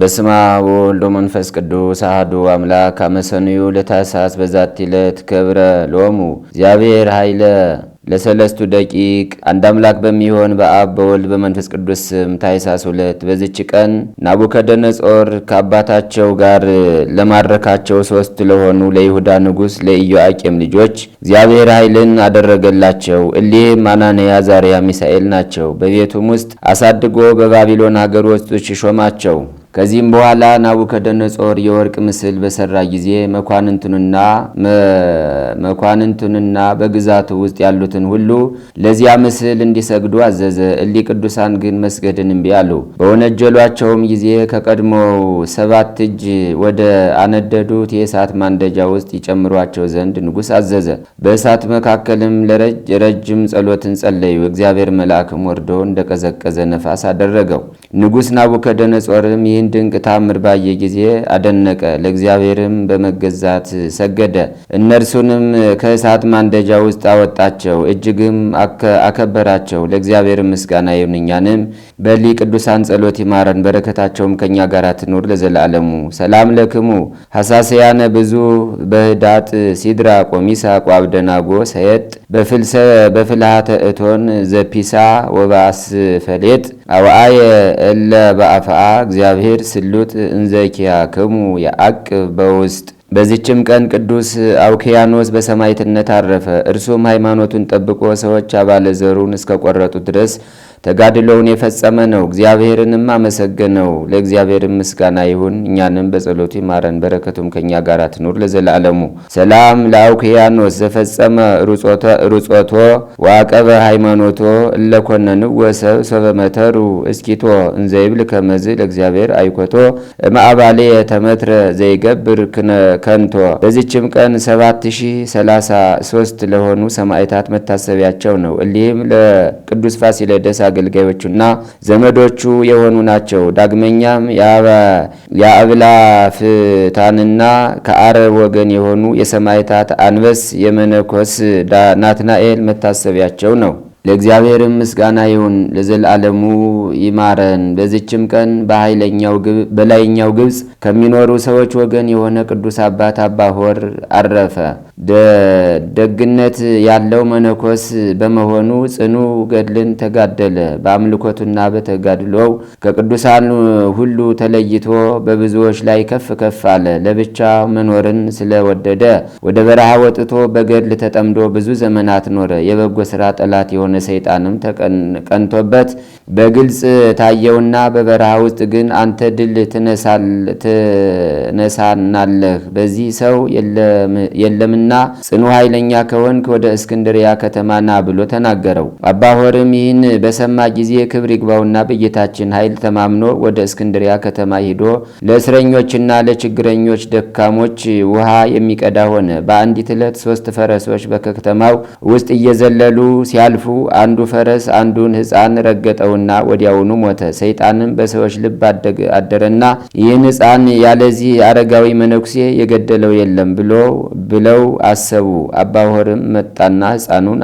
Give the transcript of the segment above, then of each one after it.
በስማ ወወልድ ወመንፈስ ቅዱስ አህዱ አምላክ አመሰንዩ ለታኅሳስ በዛቲ ዕለት ክብረ ሎሙ እግዚአብሔር ኃይለ ለሰለስቱ ደቂቅ አንድ አምላክ በሚሆን በአብ በወልድ በመንፈስ ቅዱስ ስም ታኅሳስ ሁለት በዚች ቀን ናቡከደነጾር ከአባታቸው ጋር ለማድረካቸው ሶስት ለሆኑ ለይሁዳ ንጉሥ ለኢዮአቄም ልጆች እግዚአብሔር ኃይልን አደረገላቸው። እሊህም አናንያ፣ ዛርያ፣ ሚሳኤል ናቸው። በቤቱም ውስጥ አሳድጎ በባቢሎን አገር ውስጥ ሾማቸው። ከዚህም በኋላ ናቡከደነጾር የወርቅ ምስል በሰራ ጊዜ መኳንንቱንና መኳንንቱንና በግዛቱ ውስጥ ያሉትን ሁሉ ለዚያ ምስል እንዲሰግዱ አዘዘ። እሊ ቅዱሳን ግን መስገድን እምቢ አሉ። በወነጀሏቸውም ጊዜ ከቀድሞው ሰባት እጅ ወደ አነደዱት የእሳት ማንደጃ ውስጥ ይጨምሯቸው ዘንድ ንጉሥ አዘዘ። በእሳት መካከልም ለረጅም ጸሎትን ጸለዩ። እግዚአብሔር መልአክም ወርዶ እንደቀዘቀዘ ነፋስ አደረገው። ንጉሥ ናቡከደነጾርም ይህን ይህን ድንቅ ታምር ባየ ጊዜ አደነቀ፣ ለእግዚአብሔርም በመገዛት ሰገደ። እነርሱንም ከእሳት ማንደጃ ውስጥ አወጣቸው፣ እጅግም አከበራቸው። ለእግዚአብሔር ምስጋና ይሁን፣ እኛንም በሊ ቅዱሳን ጸሎት ይማረን፣ በረከታቸውም ከእኛ ጋር ትኑር ለዘላለሙ። ሰላም ለክሙ ሐሳስያነ ብዙ በህዳጥ ሲድራ ቆሚሳ ቋብደናጎ ሰየጥ በፍልሃተ እቶን ዘፒሳ ወባስ ፈሌጥ አውአየ እለ በአፍአ እግዚአብሔር ስሉጥ እንዘኪያክሙ የአቅብ በውስጥ በዚችም ቀን ቅዱስ አውኪያኖስ በሰማይትነት አረፈ። እርሱም ሃይማኖቱን ጠብቆ ሰዎች አባለ ዘሩን እስከ ቆረጡት ድረስ ተጋድሎውን የፈጸመ ነው። እግዚአብሔርንም አመሰገነው። ለእግዚአብሔር ምስጋና ይሁን፣ እኛንም በጸሎቱ ይማረን፣ በረከቱም ከእኛ ጋር ትኑር ለዘላለሙ። ሰላም ለአውክያኖስ ዘፈጸመ ሩጾቶ ዋቀበ ሃይማኖቶ እለኮነን ወሰብ ሰበመተሩ እስኪቶ እንዘይብል ከመዝ ለእግዚአብሔር አይኮቶ ማዕባሌ ተመትረ ዘይገብር ከንቶ። በዚችም ቀን ሰባት ሺህ ሰላሳ ሶስት ለሆኑ ሰማዕታት መታሰቢያቸው ነው። እሊህም ለቅዱስ ፋሲለደስ አገልጋዮቹና ዘመዶቹ የሆኑ ናቸው። ዳግመኛም የአብላፍታንና ከአረብ ወገን የሆኑ የሰማይታት አንበስ የመነኮስ ናትናኤል መታሰቢያቸው ነው። ለእግዚአብሔርም ምስጋና ይሁን ለዘላለሙ ይማረን። በዚችም ቀን በላይኛው ግብፅ ከሚኖሩ ሰዎች ወገን የሆነ ቅዱስ አባት አባ ሆር አረፈ። ደግነት ያለው መነኮስ በመሆኑ ጽኑ ገድልን ተጋደለ። በአምልኮቱና በተጋድሎው ከቅዱሳን ሁሉ ተለይቶ በብዙዎች ላይ ከፍ ከፍ አለ። ለብቻ መኖርን ስለወደደ ወደ በረሃ ወጥቶ በገድል ተጠምዶ ብዙ ዘመናት ኖረ። የበጎ ስራ ጠላት የሆነ ሰይጣንም ተቀንቶበት በግልጽ ታየውና በበረሃ ውስጥ ግን አንተ ድል ትነሳናለህ፣ በዚህ ሰው የለምና ነህና ጽኑ ኃይለኛ ከሆንክ ወደ እስክንድሪያ ከተማ ና ብሎ ተናገረው። አባ ሆርም ይህን በሰማ ጊዜ ክብር ይግባውና በጌታችን ኃይል ተማምኖ ወደ እስክንድሪያ ከተማ ሂዶ ለእስረኞችና ለችግረኞች ደካሞች ውሃ የሚቀዳ ሆነ። በአንዲት ዕለት ሶስት ፈረሶች በከተማው ውስጥ እየዘለሉ ሲያልፉ አንዱ ፈረስ አንዱን ሕፃን ረገጠውና ወዲያውኑ ሞተ። ሰይጣንም በሰዎች ልብ አደረና ይህን ሕፃን ያለዚህ አረጋዊ መነኩሴ የገደለው የለም ብሎ ብለው አሰቡ። አባሆርም መጣና ህፃኑን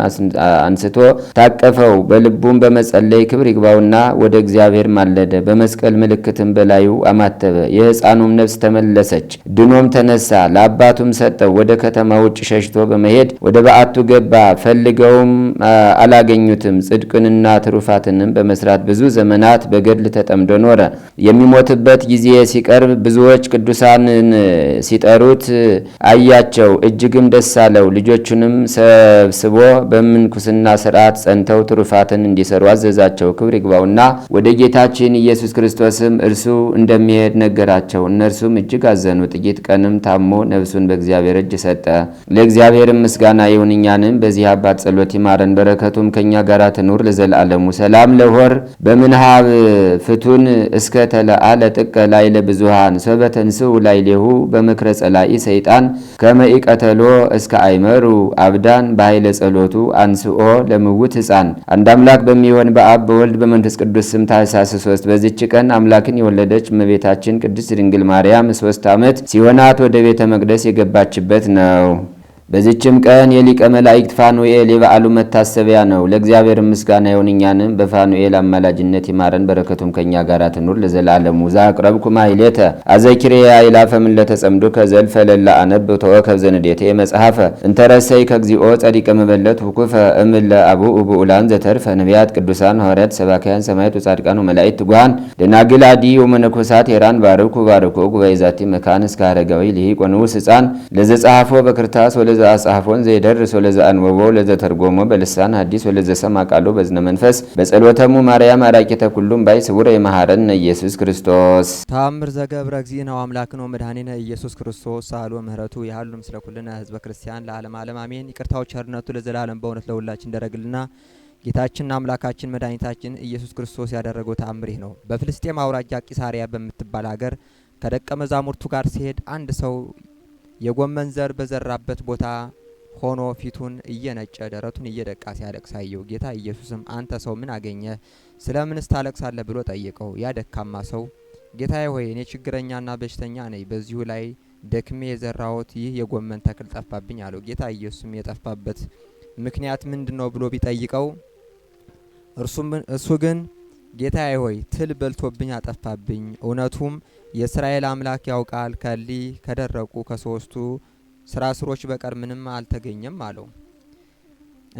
አንስቶ ታቀፈው። በልቡም በመጸለይ ክብር ይግባውና ወደ እግዚአብሔር ማለደ። በመስቀል ምልክትም በላዩ አማተበ። የህፃኑም ነፍስ ተመለሰች፣ ድኖም ተነሳ። ለአባቱም ሰጠው። ወደ ከተማ ውጭ ሸሽቶ በመሄድ ወደ በዓቱ ገባ። ፈልገውም አላገኙትም። ጽድቅንና ትሩፋትንም በመስራት ብዙ ዘመናት በገድል ተጠምዶ ኖረ። የሚሞትበት ጊዜ ሲቀርብ ብዙዎች ቅዱሳንን ሲጠሩት አያቸው። እጅግም እጅግም ደስ አለው። ልጆቹንም ሰብስቦ በምንኩስና ስርዓት ጸንተው ትሩፋትን እንዲሰሩ አዘዛቸው። ክብር ይግባውና ወደ ጌታችን ኢየሱስ ክርስቶስም እርሱ እንደሚሄድ ነገራቸው። እነርሱም እጅግ አዘኑ። ጥቂት ቀንም ታሞ ነፍሱን በእግዚአብሔር እጅ ሰጠ። ለእግዚአብሔርም ምስጋና ይሁን፣ እኛንም በዚህ አባት ጸሎት ይማረን፣ በረከቱም ከእኛ ጋር ትኑር ለዘላለሙ። ሰላም ለሆር በምንሃብ ፍቱን እስከ ተለአለ ጥቀ ላይ ለብዙሃን ሰበተንስው ሌሁ በምክረ ጸላኢ ሰይጣን ከመኢ ቀተሎ እስከ አይመሩ አብዳን በኃይለ ጸሎቱ አንስኦ ለምውት ሕፃን አንድ አምላክ በሚሆን በአብ በወልድ በመንፈስ ቅዱስ ስም ታኅሳስ ሶስት በዚች ቀን አምላክን የወለደች እመቤታችን ቅድስት ድንግል ማርያም ሶስት ዓመት ሲሆናት ወደ ቤተ መቅደስ የገባችበት ነው። በዚችም ቀን የሊቀ መላእክት ፋኑኤል የበዓሉ መታሰቢያ ነው። ለእግዚአብሔር ምስጋና ይሁን፣ እኛንም በፋኑኤል አማላጅነት ይማረን፣ በረከቱም ከእኛ ጋር ትኑር ለዘላለሙ። ዘአቅረብኩ ማሕሌተ አዘኪሬያ ይላፈምን ለተጸምዶ ከዘልፈ ለላ አነብ ተወከብ ዘንዴቴ የመጽሐፈ እንተረሰይ ከግዚኦ ጸዲቀ መበለት ውኩፈ እምለ አቡ ብኡላን ዘተርፈ ነቢያት፣ ቅዱሳን ሐዋርያት፣ ሰባካያን ሰማዕት፣ ወጻድቃን ወመላእክት ትጉሃን ደናግል አዲ ወመነኮሳት ሄራን ባርኩ ባርኮ ጉባኤ ዛቲ መካን እስከ አረጋዊ ልሂቆ ንዑስ ለዘጸሐፎ በክርታስ ወለ ዘአጽሐፎን ዘይደርስ ወለዘአንበቦ ወለዘተርጎሞ በልሳን ሐዲስ ወለዘሰምዐ ቃሎ በዝነ መንፈስ በጸሎተሙ ማርያም አራቂተ ኩሉም ባይ ስውረ የመሐረነ ኢየሱስ ክርስቶስ ተአምር ዘገብረ ነው አምላክ ነው መድኃኒነ ኢየሱስ ክርስቶስ ሳህሎ ምህረቱ ያህሉ ምስለ ኩልነ ህዝበ ክርስቲያን ለዓለም ዓለም አሜን። ይቅርታው ቸርነቱ ለዘላለም በእውነት ለሁላችን እንደረግልና ጌታችንና አምላካችን መድኃኒታችን ኢየሱስ ክርስቶስ ያደረገው ተአምር ይህ ነው። በፍልስጤም አውራጃ ቂሳሪያ በምትባል ሀገር ከደቀ መዛሙርቱ ጋር ሲሄድ አንድ ሰው የጎመን ዘር በዘራበት ቦታ ሆኖ ፊቱን እየነጨ ደረቱን እየደቃ ሲያለቅስ አየው። ጌታ ኢየሱስም አንተ ሰው ምን አገኘህ? ስለምንስ ታለቅሳለህ? ብሎ ጠየቀው። ያ ደካማ ሰው ጌታዬ ሆይ እኔ ችግረኛና በሽተኛ ነኝ፣ በዚሁ ላይ ደክሜ የዘራሁት ይህ የጎመን ተክል ጠፋብኝ አለው። ጌታ ኢየሱስም የጠፋበት ምክንያት ምንድን ነው ብሎ ቢጠይቀው እርሱ ግን ጌታዬ ሆይ ትል በልቶብኝ አጠፋብኝ፣ እውነቱም የእስራኤል አምላክ ያውቃል፣ ከሊ ከደረቁ ከሶስቱ ስራ ስሮች በቀር ምንም አልተገኘም አለው።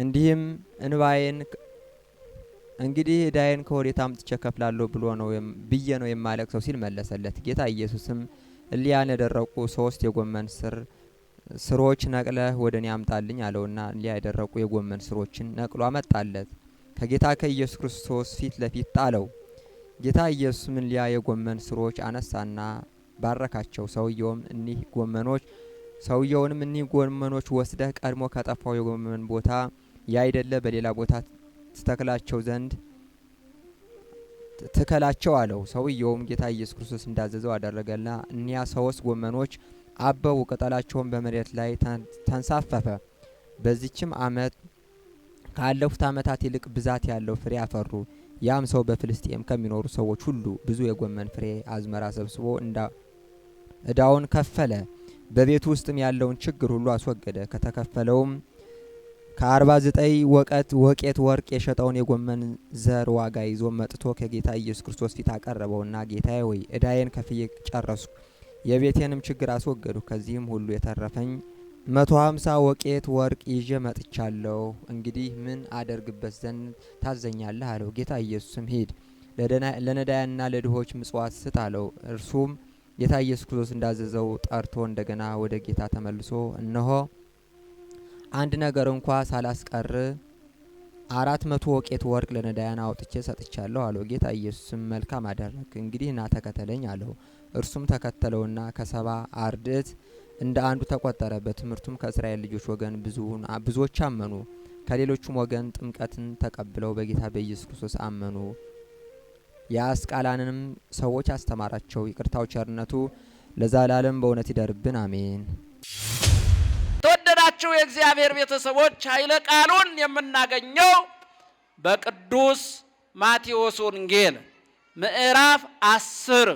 እንዲህም እንባዬን እንግዲህ እዳዬን ከወዴት አምጥቼ ከፍላለሁ ብሎ ነው ብዬ ነው የማለቅሰው ሲል መለሰለት። ጌታ ኢየሱስም እሊያን የደረቁ ሶስት የጎመን ስር ስሮች ነቅለህ ወደ እኔ አምጣልኝ አለውና እሊያ የደረቁ የጎመን ስሮችን ነቅሎ አመጣለት። ከጌታ ከኢየሱስ ክርስቶስ ፊት ለፊት ጣለው። ጌታ ኢየሱስ ሊያ የጎመን ስሮች አነሳና ባረካቸው። ሰውየውም እኒህ ጎመኖች ሰውየውንም እኒህ ጎመኖች ወስደህ ቀድሞ ከጠፋው የጎመን ቦታ ያይደለ በሌላ ቦታ ትተክላቸው ዘንድ ትከላቸው አለው። ሰውየውም ጌታ ኢየሱስ ክርስቶስ እንዳዘዘው አደረገና እኒያ ሰውስ ጎመኖች አበቡ፣ ቅጠላቸውን በመሬት ላይ ተንሳፈፈ። በዚችም አመት ካለፉት አመታት ይልቅ ብዛት ያለው ፍሬ አፈሩ። ያም ሰው በፍልስጤም ከሚኖሩ ሰዎች ሁሉ ብዙ የጎመን ፍሬ አዝመራ ሰብስቦ እዳውን ከፈለ። በቤቱ ውስጥም ያለውን ችግር ሁሉ አስወገደ። ከተከፈለውም ከአርባ ዘጠኝ ወቀት ወቄት ወርቅ የሸጠውን የጎመን ዘር ዋጋ ይዞ መጥቶ ከጌታ ኢየሱስ ክርስቶስ ፊት አቀረበውና ጌታዬ ወይ እዳዬን ከፍዬ ጨረስኩ፣ የቤቴንም ችግር አስወገዱ፣ ከዚህም ሁሉ የተረፈኝ መቶ ሀምሳ ወቄት ወርቅ ይዤ መጥቻለሁ። እንግዲህ ምን አደርግበት ዘንድ ታዘኛለህ? አለው። ጌታ ኢየሱስም ሂድ፣ ለነዳያና ለድሆች ምጽዋት ስት አለው። እርሱም ጌታ ኢየሱስ ክርስቶስ እንዳዘዘው ጠርቶ እንደገና ወደ ጌታ ተመልሶ እነሆ አንድ ነገር እንኳ ሳላስቀር አራት መቶ ወቄት ወርቅ ለነዳያን አውጥቼ ሰጥቻለሁ አለው። ጌታ ኢየሱስም መልካም አደረግ፣ እንግዲህ ና ተከተለኝ አለው። እርሱም ተከተለውና ከሰባ አርድእት እንደ አንዱ ተቆጠረ። በትምህርቱም ከእስራኤል ልጆች ወገን ብዙዎች አመኑ። ከሌሎቹም ወገን ጥምቀትን ተቀብለው በጌታ በኢየሱስ ክርስቶስ አመኑ። የአስቃላንንም ሰዎች አስተማራቸው። ይቅርታው ቸርነቱ ለዘላለም በእውነት ይደርብን፣ አሜን። የተወደዳችሁ የእግዚአብሔር ቤተሰቦች ኃይለ ቃሉን የምናገኘው በቅዱስ ማቴዎስ ወንጌል ምዕራፍ አስር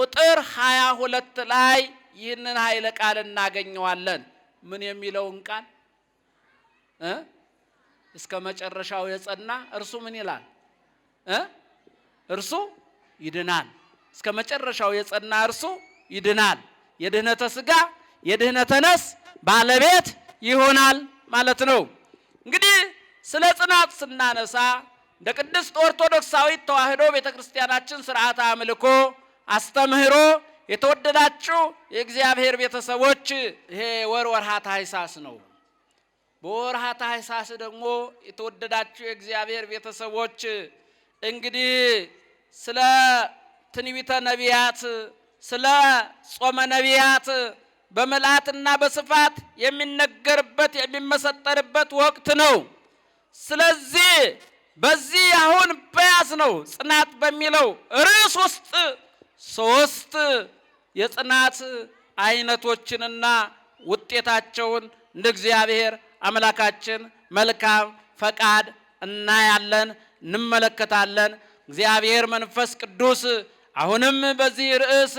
ቁጥር ሀያ ሁለት ላይ ይህንን ኃይለ ቃል እናገኘዋለን። ምን የሚለውን ቃል እስከ መጨረሻው የጸና እርሱ ምን ይላል? እርሱ ይድናል። እስከ መጨረሻው የጸና እርሱ ይድናል። የድህነተ ስጋ የድህነተ ነፍስ ባለቤት ይሆናል ማለት ነው። እንግዲህ ስለ ጽናት ስናነሳ እንደ ቅድስት ኦርቶዶክሳዊት ቤተ ቤተክርስቲያናችን ስርዓት አምልኮ አስተምህሮ የተወደዳችሁ የእግዚአብሔር ቤተሰቦች ይሄ ወር ወርሃ ታኅሳስ ነው። በወርሃ ታኅሳስ ደግሞ የተወደዳችሁ የእግዚአብሔር ቤተሰቦች እንግዲህ ስለ ትንቢተ ነቢያት፣ ስለ ጾመ ነቢያት በመላትና በስፋት የሚነገርበት የሚመሰጠርበት ወቅት ነው። ስለዚህ በዚህ አሁን በያዝ ነው ጽናት በሚለው ርዕስ ውስጥ ሶስት የጽናት አይነቶችንና ውጤታቸውን እንደ እግዚአብሔር አምላካችን መልካም ፈቃድ እናያለን፣ እንመለከታለን። እግዚአብሔር መንፈስ ቅዱስ አሁንም በዚህ ርዕስ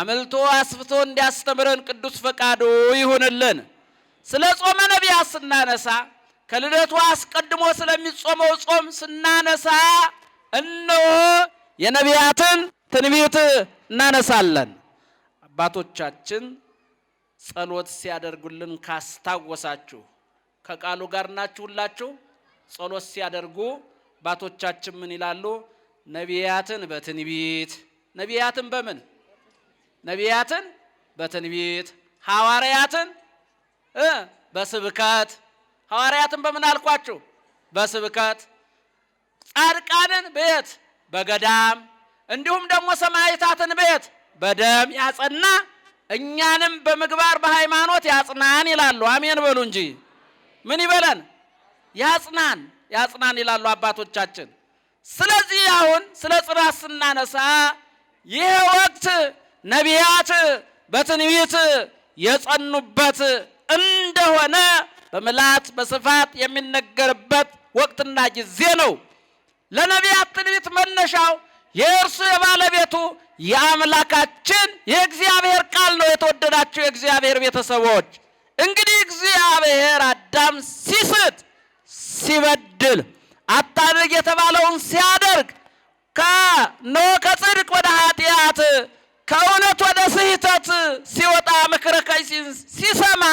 አምልቶ አስፍቶ እንዲያስተምረን ቅዱስ ፈቃዱ ይሁንልን። ስለ ጾመ ነቢያት ስናነሳ ከልደቱ አስቀድሞ ስለሚጾመው ጾም ስናነሳ እነሆ የነቢያትን ትንቢት እናነሳለን። አባቶቻችን ጸሎት ሲያደርጉልን ካስታወሳችሁ ከቃሉ ጋር ናችሁላችሁ። ሁላችሁ። ጸሎት ሲያደርጉ አባቶቻችን ምን ይላሉ? ነቢያትን በትንቢት ነቢያትን በምን ነቢያትን በትንቢት ሐዋርያትን በስብከት ሐዋርያትን በምን አልኳችሁ? በስብከት ጻድቃንን በየት በገዳም እንዲሁም ደግሞ ሰማዕታትን በየት በደም ያጸና እኛንም በምግባር በሃይማኖት ያጽናን ይላሉ። አሜን በሉ እንጂ ምን ይበለን? ያጽናን ያጽናን ይላሉ አባቶቻችን። ስለዚህ አሁን ስለ ጽናት ስናነሳ ይህ ወቅት ነቢያት በትንቢት የጸኑበት እንደሆነ በምላት በስፋት የሚነገርበት ወቅትና ጊዜ ነው። ለነቢያት ትንቢት መነሻው የእርሱ የባለቤቱ የአምላካችን የእግዚአብሔር ቃል ነው። የተወደዳችሁ የእግዚአብሔር ቤተሰቦች እንግዲህ እግዚአብሔር አዳም ሲስት፣ ሲበድል፣ አታድርግ የተባለውን ሲያደርግ ከኖ ከጽድቅ ወደ ኃጢአት ከእውነት ወደ ስህተት ሲወጣ ምክረ ከይሲን ሲሰማ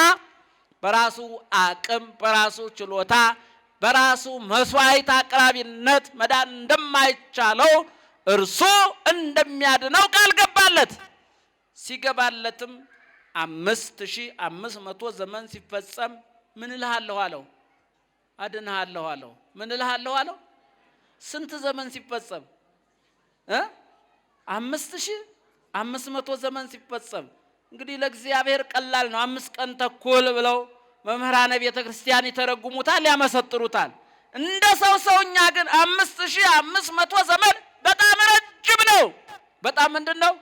በራሱ አቅም በራሱ ችሎታ በራሱ መስዋዕት አቅራቢነት መዳን እንደማይቻለው እርሱ እንደሚያድነው ቃል ገባለት። ሲገባለትም አምስት ሺህ አምስት መቶ ዘመን ሲፈጸም ምን እልሃለሁ አለው፣ አድንሃለሁ አለው። ምን እልሃለሁ አለው። ስንት ዘመን ሲፈጸም እ አምስት ሺህ አምስት መቶ ዘመን ሲፈጸም እንግዲህ ለእግዚአብሔር ቀላል ነው። አምስት ቀን ተኩል ብለው መምህራነ ቤተ ክርስቲያን ይተረጉሙታል፣ ያመሰጥሩታል። እንደ ሰው ሰውኛ ግን አምስት ሺህ አምስት መቶ ዘመን በጣም ረጅም ነው። በጣም ምንድን ነው?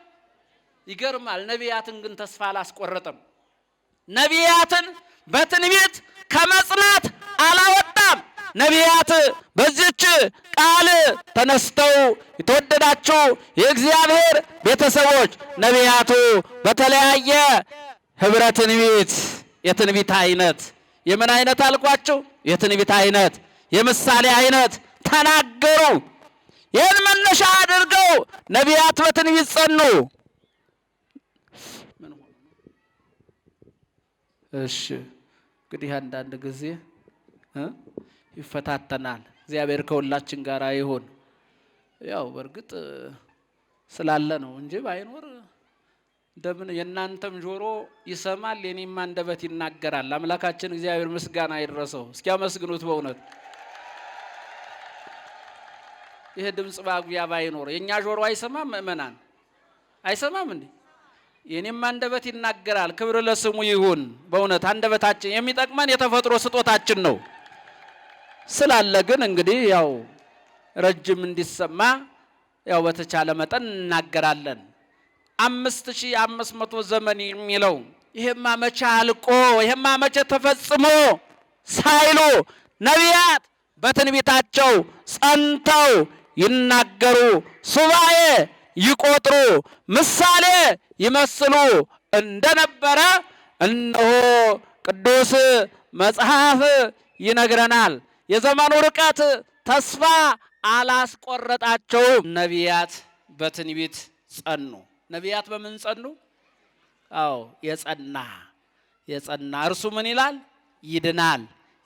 ይገርማል። ነቢያትን ግን ተስፋ አላስቆረጠም? ነቢያትን በትንቢት ከመጽናት አላወጣም። ነቢያት በዚች ቃል ተነስተው የተወደዳችሁ የእግዚአብሔር ቤተሰቦች ነቢያቱ በተለያየ ህብረ ትንቢት የትንቢት አይነት የምን አይነት አልኳችሁ? የትንቢት አይነት የምሳሌ አይነት ተናገሩ። ይህን መነሻ አድርገው ነቢያት በትንቢት ጸኑ። እሺ እንግዲህ አንዳንድ ጊዜ ይፈታተናል። እግዚአብሔር ከሁላችን ጋር ይሁን። ያው በእርግጥ ስላለ ነው እንጂ ባይኖር እንደምን የእናንተም ጆሮ ይሰማል፣ የኔም አንደበት ይናገራል። አምላካችን እግዚአብሔር ምስጋና ይድረሰው። እስኪ አመስግኑት በእውነት ይሄ ድምፅ ባግቢያ ባይኖር የእኛ ጆሮ አይሰማም? ምእመናን አይሰማም እንዴ? የኔም አንደበት ይናገራል። ክብር ለስሙ ይሁን። በእውነት አንደበታችን የሚጠቅመን የተፈጥሮ ስጦታችን ነው ስላለ ግን እንግዲህ ያው ረጅም እንዲሰማ ያው በተቻለ መጠን እናገራለን። አምስት ሺህ አምስት መቶ ዘመን የሚለው ይሄማ መቼ አልቆ ይሄማ መቼ ተፈጽሞ ሳይሉ ነቢያት በትንቢታቸው ጸንተው ይናገሩ፣ ሱባኤ ይቆጥሩ፣ ምሳሌ ይመስሉ እንደነበረ እነሆ ቅዱስ መጽሐፍ ይነግረናል። የዘመኑ ርቀት ተስፋ አላስቆረጣቸውም። ነቢያት በትንቢት ጸኑ። ነቢያት በምን ጸኑ? አዎ የጸና የጸና እርሱ ምን ይላል? ይድናል።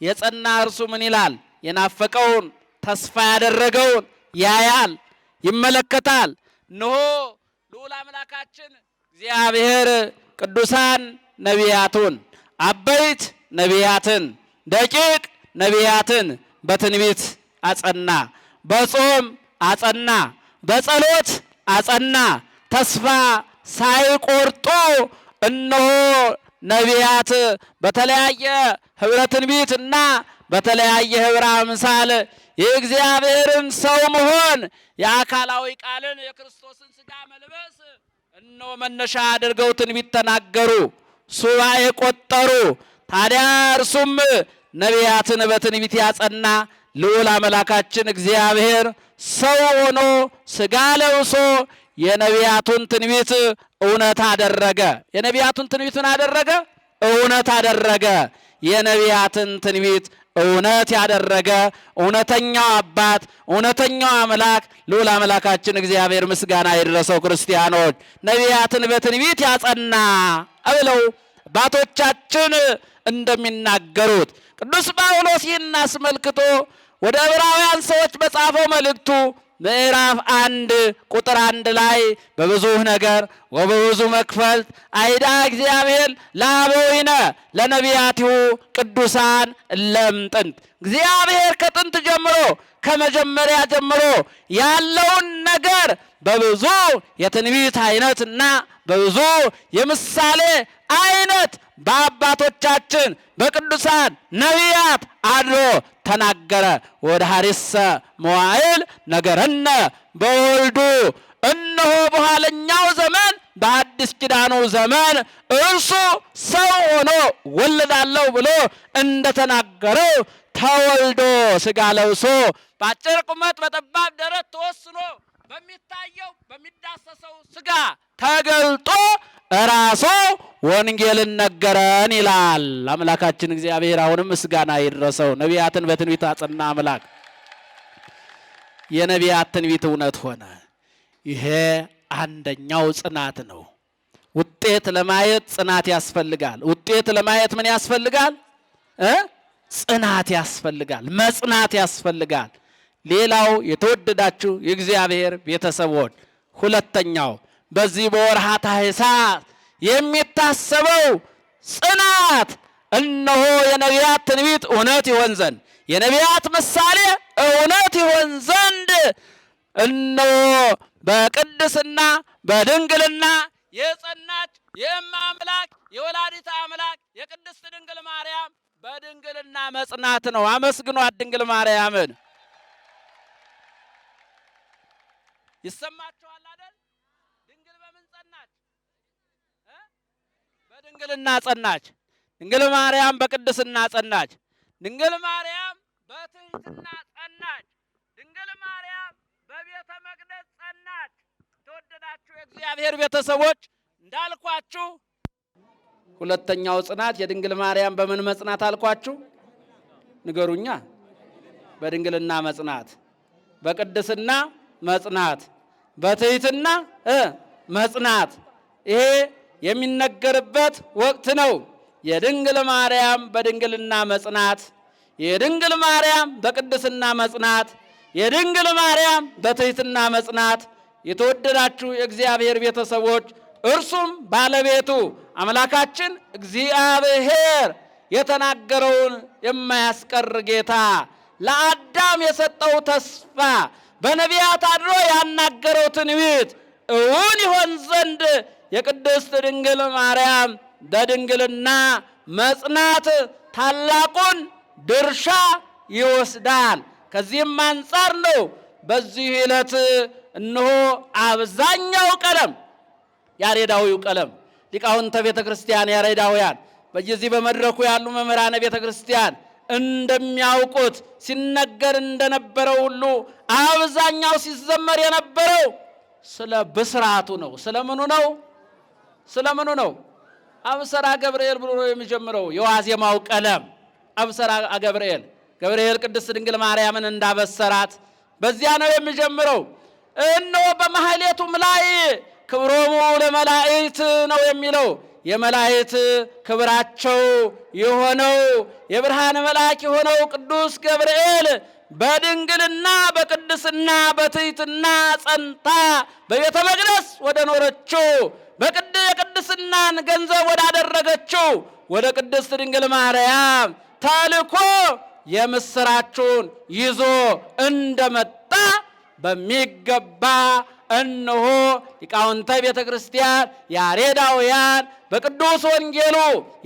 የጸና እርሱ ምን ይላል? የናፈቀውን ተስፋ ያደረገውን ያያል፣ ይመለከታል። እንሆ ልዑል አምላካችን እግዚአብሔር ቅዱሳን ነቢያቱን አበይት ነቢያትን ደቂቅ ነቢያትን በትንቢት አጸና፣ በጾም አጸና፣ በጸሎት አጸና። ተስፋ ሳይቆርጡ እነሆ ነቢያት በተለያየ ህብረ ትንቢት እና በተለያየ ህብረ አምሳል የእግዚአብሔርን ሰው መሆን የአካላዊ ቃልን የክርስቶስን ስጋ መልበስ እኖ መነሻ አድርገው ትንቢት ተናገሩ፣ ሱባኤ ቆጠሩ። ታዲያ እርሱም ነቢያትን በትንቢት ያጸና ልዑል አምላካችን እግዚአብሔር ሰው ሆኖ ስጋ ለብሶ የነቢያቱን ትንቢት እውነት አደረገ። የነቢያቱን ትንቢት ምን አደረገ? እውነት አደረገ። የነቢያትን ትንቢት እውነት ያደረገ እውነተኛው አባት እውነተኛው አምላክ ልዑል አምላካችን እግዚአብሔር ምስጋና የደረሰው ክርስቲያኖች ነቢያትን በትንቢት ያጸና እብለው አባቶቻችን እንደሚናገሩት ቅዱስ ጳውሎስ ይህን አስመልክቶ ወደ ዕብራውያን ሰዎች በጻፈው መልእክቱ ምዕራፍ አንድ ቁጥር አንድ ላይ በብዙ ነገር ወበብዙ መክፈልት አይዳ እግዚአብሔር ለአበዊነ ለነቢያቲሁ ቅዱሳን ለምጥንት እግዚአብሔር ከጥንት ጀምሮ ከመጀመሪያ ጀምሮ ያለውን ነገር በብዙ የትንቢት አይነትና በብዙ የምሳሌ አይነት በአባቶቻችን በቅዱሳን ነቢያት አድሮ ተናገረ። ወደ ሀሪሰ መዋይል ነገረነ በወልዱ እነሆ በኋለኛው ዘመን በአዲስ ኪዳኑ ዘመን እርሱ ሰው ሆኖ ወልዳለሁ ብሎ እንደተናገረው ተወልዶ ስጋ ለብሶ በአጭር ቁመት በጠባብ ደረት ተወስኖ በሚታየው በሚዳሰሰው ስጋ ተገልጦ ራሶ ወንጌልን ነገረን ይላል አምላካችን እግዚአብሔር። አሁንም ምስጋና ይድረሰው። ነቢያትን በትንቢት አጽና አምላክ የነቢያት ትንቢት እውነት ሆነ። ይሄ አንደኛው ጽናት ነው። ውጤት ለማየት ጽናት ያስፈልጋል። ውጤት ለማየት ምን ያስፈልጋል? ጽናት ያስፈልጋል። መጽናት ያስፈልጋል። ሌላው የተወደዳችሁ የእግዚአብሔር ቤተሰቦች ሁለተኛው በዚህ በወርሃ ታኅሳስ የሚታሰበው ጽናት እነሆ የነቢያት ትንቢት እውነት ይሆን ዘንድ የነቢያት ምሳሌ እውነት ይሆን ዘንድ እነሆ በቅድስና በድንግልና የጸናች የማምላክ አምላክ የወላዲት አምላክ የቅድስት ድንግል ማርያም በድንግልና መጽናት ነው። አመስግኗት ድንግል ማርያምን። ይሰማችኋል አይደል? ድንግል በምን ጸናች? በድንግልና ጸናች። ድንግል ማርያም በቅድስና ጸናች። ድንግል ማርያም በትህትና ጸናች። ድንግል ማርያም በቤተ መቅደስ ጸናች። ተወደዳችሁ የእግዚአብሔር ቤተሰቦች እንዳልኳችሁ ሁለተኛው ጽናት የድንግል ማርያም በምን መጽናት አልኳችሁ? ንገሩኛ። በድንግልና መጽናት በቅድስና መጽናት፣ በትህትና መጽናት። ይሄ የሚነገርበት ወቅት ነው። የድንግል ማርያም በድንግልና መጽናት፣ የድንግል ማርያም በቅድስና መጽናት፣ የድንግል ማርያም በትህትና መጽናት። የተወደዳችሁ የእግዚአብሔር ቤተሰቦች እርሱም ባለቤቱ አምላካችን እግዚአብሔር የተናገረውን የማያስቀር ጌታ ለአዳም የሰጠው ተስፋ በነቢያት አድሮ ያናገረው ትንቢት እውን ይሆን ዘንድ የቅድስት ድንግል ማርያም በድንግልና መጽናት ታላቁን ድርሻ ይወስዳል። ከዚህም አንጻር ነው በዚህ ዕለት እነሆ አብዛኛው ቀለም ያሬዳዊው ቀለም ሊቃውንተ ቤተ ክርስቲያን ያሬዳውያን በየዚህ በመድረኩ ያሉ መምህራነ ቤተ ክርስቲያን እንደሚያውቁት ሲነገር እንደነበረው ሁሉ አብዛኛው ሲዘመር የነበረው ስለ ብስራቱ ነው። ስለ ምኑ ነው? ስለ ምኑ ነው? አብሰራ ገብርኤል ብሎ ነው የሚጀምረው። የዋዜማው ቀለም አብሰራ ገብርኤል ገብርኤል ቅድስት ድንግል ማርያምን እንዳበሰራት በዚያ ነው የሚጀምረው። እነሆ በማህሌቱም ላይ ክብሮሙ ለመላእክት ነው የሚለው የመላእክት ክብራቸው የሆነው የብርሃን መልአክ የሆነው ቅዱስ ገብርኤል በድንግልና በቅድስና በትሕትና ጸንታ በቤተ መቅደስ ወደ ኖረችው በቅድ የቅድስናን ገንዘብ ወዳደረገችው ወደ ቅድስት ድንግል ማርያም ተልኮ የምስራችሁን ይዞ እንደመጣ በሚገባ እነሆ ሊቃውንተ ቤተ ክርስቲያን ያሬዳውያን በቅዱስ ወንጌሉ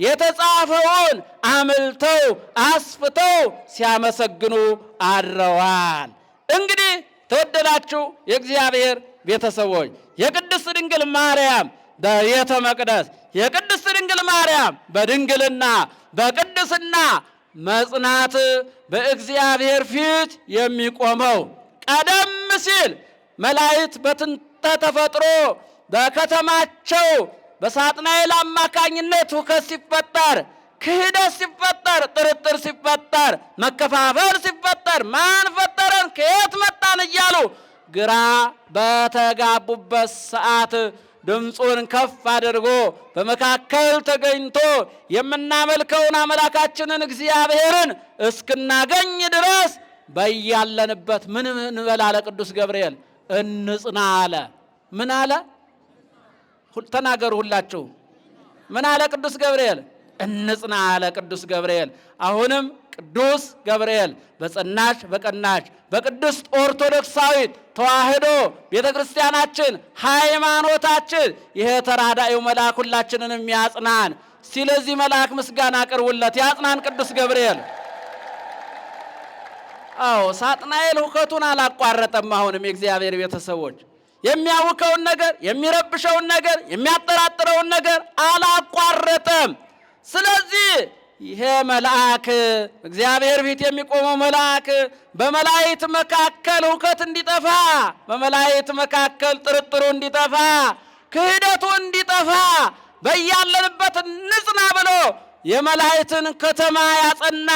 የተጻፈውን አምልተው አስፍተው ሲያመሰግኑ አድረዋል። እንግዲህ ተወደዳችሁ የእግዚአብሔር ቤተሰቦች የቅድስት ድንግል ማርያም በቤተ መቅደስ የቅድስት ድንግል ማርያም በድንግልና በቅድስና መጽናት በእግዚአብሔር ፊት የሚቆመው ቀደም ሲል መላእክት በትንተ ተፈጥሮ በከተማቸው በሳጥናኤል አማካኝነት ሁከት ሲፈጠር፣ ክህደት ሲፈጠር፣ ጥርጥር ሲፈጠር፣ መከፋፈል ሲፈጠር፣ ማን ፈጠረን ከየት መጣን እያሉ ግራ በተጋቡበት ሰዓት ድምፁን ከፍ አድርጎ በመካከል ተገኝቶ የምናመልከውን አምላካችንን እግዚአብሔርን እስክናገኝ ድረስ በያለንበት ምን እንበል አለ ቅዱስ ገብርኤል። እንጽና አለ። ምን አለ? ተናገሩ ሁላችሁ። ምን አለ ቅዱስ ገብርኤል? እንጽና አለ ቅዱስ ገብርኤል። አሁንም ቅዱስ ገብርኤል በጸናች በቀናች በቅዱስ ኦርቶዶክሳዊት ተዋህዶ ቤተ ክርስቲያናችን ሃይማኖታችን ይሄ ተራዳዩ መልአክ ሁላችንንም ያጽናን። ስለዚህ መልአክ ምስጋና አቅርቡለት፣ ያጽናን ቅዱስ ገብርኤል። አዎ ሳጥናኤል ሁከቱን አላቋረጠም። አሁንም የእግዚአብሔር ቤተሰቦች የሚያውከውን ነገር፣ የሚረብሸውን ነገር፣ የሚያጠራጥረውን ነገር አላቋረጠም። ስለዚህ ይሄ መልአክ እግዚአብሔር ፊት የሚቆመው መልአክ በመላእክት መካከል ሁከት እንዲጠፋ፣ በመላእክት መካከል ጥርጥሩ እንዲጠፋ፣ ክህደቱ እንዲጠፋ በያለንበት ንጽና ብሎ የመላእክትን ከተማ ያጸና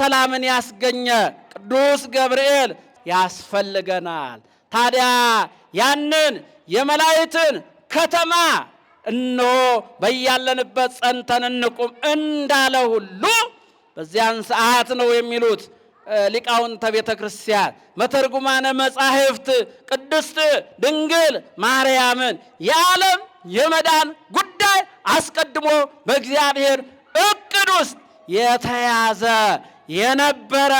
ሰላምን ያስገኘ ቅዱስ ገብርኤል ያስፈልገናል። ታዲያ ያንን የመላእክትን ከተማ እነሆ በያለንበት ጸንተን እንቁም እንዳለ ሁሉ በዚያን ሰዓት ነው የሚሉት ሊቃውንተ ቤተ ክርስቲያን መተርጉማነ መጻሕፍት ቅድስት ድንግል ማርያምን የዓለም የመዳን ጉዳይ አስቀድሞ በእግዚአብሔር እቅድ ውስጥ የተያዘ የነበረ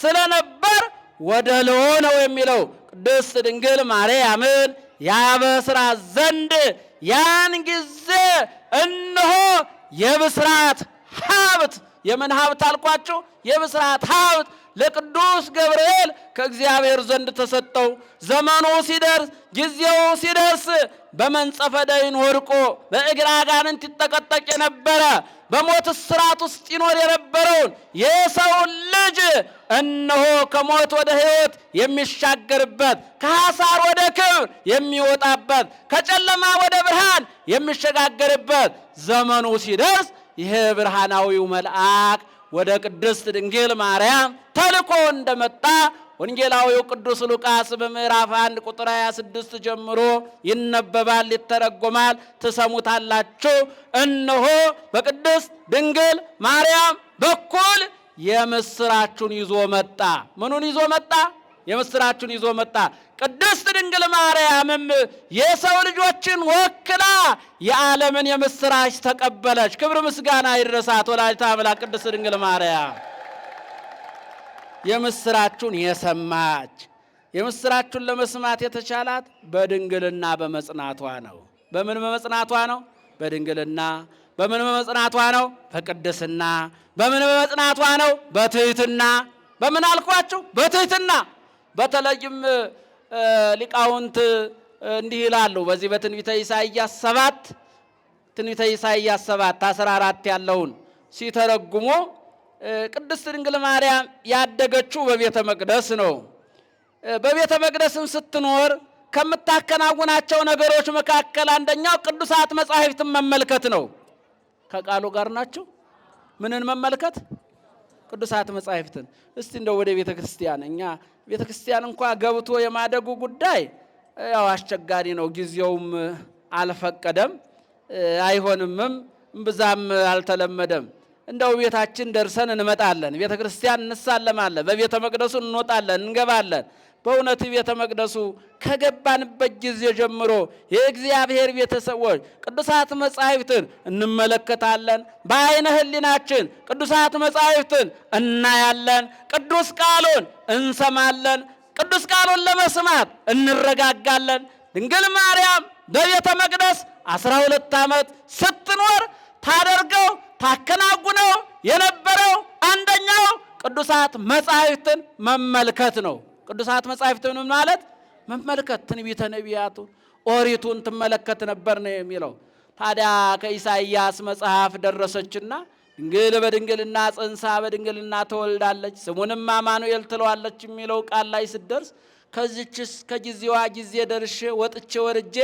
ስለነበር ወደ ሎ ነው የሚለው ቅድስት ድንግል ማርያምን ያበስራ ዘንድ ያን ጊዜ እነሆ የብስራት ሀብት የምን ሀብት አልኳችሁ? የብስራት ሀብት ለቅዱስ ገብርኤል ከእግዚአብሔር ዘንድ ተሰጠው። ዘመኑ ሲደርስ ጊዜው ሲደርስ በመንጸፈ ደይን ወድቆ በእግር አጋንንት ይጠቀጠቅ የነበረ በሞት እስራት ውስጥ ይኖር የነበረውን የሰውን ልጅ እነሆ ከሞት ወደ ሕይወት የሚሻገርበት ከሐሳር ወደ ክብር የሚወጣበት ከጨለማ ወደ ብርሃን የሚሸጋገርበት ዘመኑ ሲደርስ ይህ ብርሃናዊው መልአክ ወደ ቅድስት ድንግል ማርያም ተልኮ እንደመጣ ወንጌላዊው ቅዱስ ሉቃስ በምዕራፍ 1 ቁጥር 26 ጀምሮ ይነበባል፣ ይተረጎማል፣ ትሰሙታላችሁ። እነሆ በቅድስት ድንግል ማርያም በኩል የምስራቹን ይዞ መጣ። ምኑን ይዞ መጣ? የምስራቹን ይዞ መጣ። ቅድስት ድንግል ማርያምም የሰው ልጆችን ወክላ የዓለምን የምስራች ተቀበለች። ክብር ምስጋና ይድረሳት ወላዲተ አምላክ ቅድስት ድንግል ማርያም የምስራቹን የሰማች የምስራቹን ለመስማት የተቻላት በድንግልና በመጽናቷ ነው። በምን በመጽናቷ ነው? በድንግልና በምን በመጽናቷ ነው? በቅድስና። በምን በመጽናቷ ነው? በትህትና። በምን አልኳችሁ? በትህትና። በተለይም ሊቃውንት እንዲህ ይላሉ። በዚህ በትንቢተ ኢሳይያስ ሰባት ትንቢተ ኢሳይያስ ሰባት አስራ አራት ያለውን ሲተረጉሞ ቅድስት ድንግል ማርያም ያደገችው በቤተ መቅደስ ነው። በቤተ መቅደስም ስትኖር ከምታከናውናቸው ነገሮች መካከል አንደኛው ቅዱሳት መጻሕፍትን መመልከት ነው። ከቃሉ ጋር ናቸው። ምንን መመልከት? ቅዱሳት መጻሕፍትን። እስቲ እንደው ወደ ቤተ ክርስቲያን እኛ ቤተ ክርስቲያን እንኳ ገብቶ የማደጉ ጉዳይ ያው አስቸጋሪ ነው። ጊዜውም አልፈቀደም፣ አይሆንምም፣ እምብዛም አልተለመደም። እንደው ቤታችን ደርሰን እንመጣለን። ቤተ ክርስቲያን እንሳለማለን፣ በቤተ መቅደሱ እንወጣለን፣ እንገባለን። በእውነት ቤተ መቅደሱ ከገባንበት ጊዜ ጀምሮ የእግዚአብሔር ቤተሰቦች ቅዱሳት መጻሕፍትን እንመለከታለን። በአይነ ህሊናችን ቅዱሳት መጻሕፍትን እናያለን። ቅዱስ ቃሉን እንሰማለን። ቅዱስ ቃሉን ለመስማት እንረጋጋለን። ድንግል ማርያም በቤተ መቅደስ አስራ ሁለት ዓመት ስትኖር ታደርገው ታከናውነው የነበረው አንደኛው ቅዱሳት መጻሕፍትን መመልከት ነው። ቅዱሳት መጻሕፍትንም ማለት መመልከት ትንቢተ ነቢያቱ ኦሪቱን ትመለከት ነበር ነው የሚለው። ታዲያ ከኢሳይያስ መጽሐፍ ደረሰችና ድንግል በድንግልና ጸንሳ በድንግልና ተወልዳለች ስሙንም አማኑኤል ትለዋለች የሚለው ቃል ላይ ስደርስ ከዚችስ ከጊዜዋ ጊዜ ደርሼ ወጥቼ ወርጄ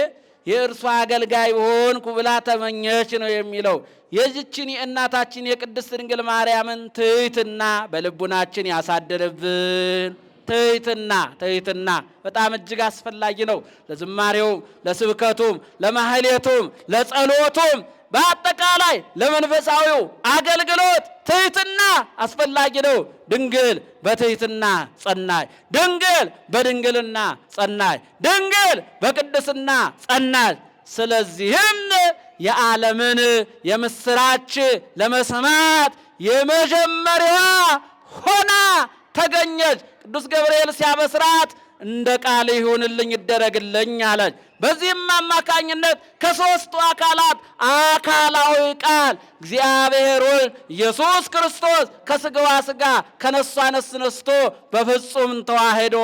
የእርሷ አገልጋይ ሆንኩ ብላ ተመኘች ነው የሚለው። የዚችን የእናታችን የቅድስት ድንግል ማርያምን ትሕትና በልቡናችን ያሳድርብን። ትህትና ትህትና በጣም እጅግ አስፈላጊ ነው። ለዝማሬውም፣ ለስብከቱም፣ ለማህሌቱም፣ ለጸሎቱም በአጠቃላይ ለመንፈሳዊው አገልግሎት ትህትና አስፈላጊ ነው። ድንግል በትህትና ጸናይ፣ ድንግል በድንግልና ጸናይ፣ ድንግል በቅድስና ጸናይ። ስለዚህም የዓለምን የምስራች ለመስማት የመጀመሪያ ሆና ተገኘች። ቅዱስ ገብርኤል ሲያበስራት እንደ ቃል ይሁንልኝ ይደረግልኝ አለች። በዚህም አማካኝነት ከሦስቱ አካላት አካላዊ ቃል እግዚአብሔር ወልድ ኢየሱስ ክርስቶስ ከስጋዋ ስጋ ከነሷ ነስ ነስቶ በፍጹም ተዋህዶ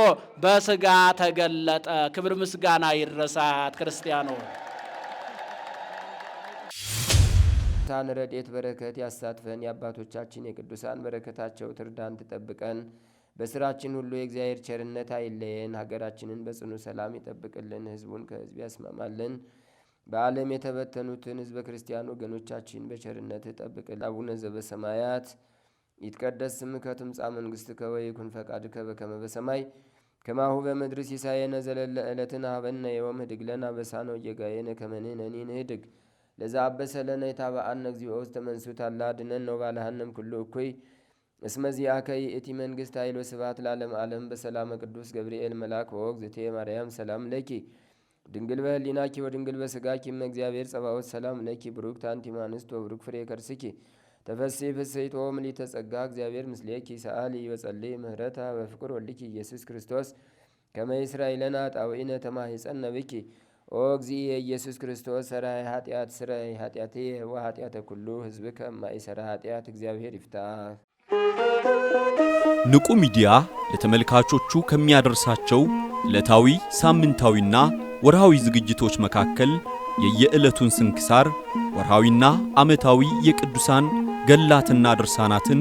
በስጋ ተገለጠ። ክብር ምስጋና ይረሳት ክርስቲያኖች የቅዱሳን ረድኤት በረከት ያሳትፈን። የአባቶቻችን የቅዱሳን በረከታቸው ትርዳን ትጠብቀን። በስራችን ሁሉ የእግዚአብሔር ቸርነት አይለየን። ሀገራችንን በጽኑ ሰላም ይጠብቅልን። ህዝቡን ከህዝብ ያስማማልን። በዓለም የተበተኑትን ህዝበ ክርስቲያን ወገኖቻችን በቸርነት ይጠብቅልን። አቡነ ዘበሰማያት ይትቀደስ ስምከ ትምጻእ መንግሥትከ ወይኩን ፈቃድከ በከመ በሰማይ ከማሁ በምድር ሲሳየነ ዘለለ ዕለትን ሀበነ ዮም ህድግ ለነ አበሳነ ወጌጋየነ ከመ ንሕነኒ ንህድግ ለዛ ለነይታ የታባአነ እግዚኦ ውስጥ መንሱታላ ድነን ነው ባልሃንም ኩሉ እኩይ እስመዚያ ከይ እቲ መንግስት ኃይሎ ስብሐት ለዓለም ዓለም በሰላመ ቅዱስ ገብርኤል መልአክ ወእግዝእቴ ማርያም ሰላም ለኪ ድንግል በህሊናኪ ወድንግል በስጋኪ እመ እግዚአብሔር ጸባኦት ሰላም ለኪ ብሩክ አንቲ እምአንስት ወብሩክ ፍሬ ከርስኪ ተፈሲ ፍሴቶ ምልዕተ ተጸጋ እግዚአብሔር ምስሌኪ ሰአሊ ወጸልይ ምህረታ በፍቅር ወልኪ ኢየሱስ ክርስቶስ ከመ ይስራይ ጣውኢነ ኃጣውኢነ ነብኪ ኦ እግዚእ ኢየሱስ ክርስቶስ ሠራይ ኃጢአት ሥራይ ኃጢአቴ ወኃጢአተ ኩሉ ህዝብ ከማይሠራ ኃጢአት እግዚአብሔር ይፍታ። ንቁ ሚዲያ ለተመልካቾቹ ከሚያደርሳቸው ዕለታዊ ሳምንታዊና ወርሃዊ ዝግጅቶች መካከል የየዕለቱን ስንክሳር ወርሃዊና ዓመታዊ የቅዱሳን ገላትና ድርሳናትን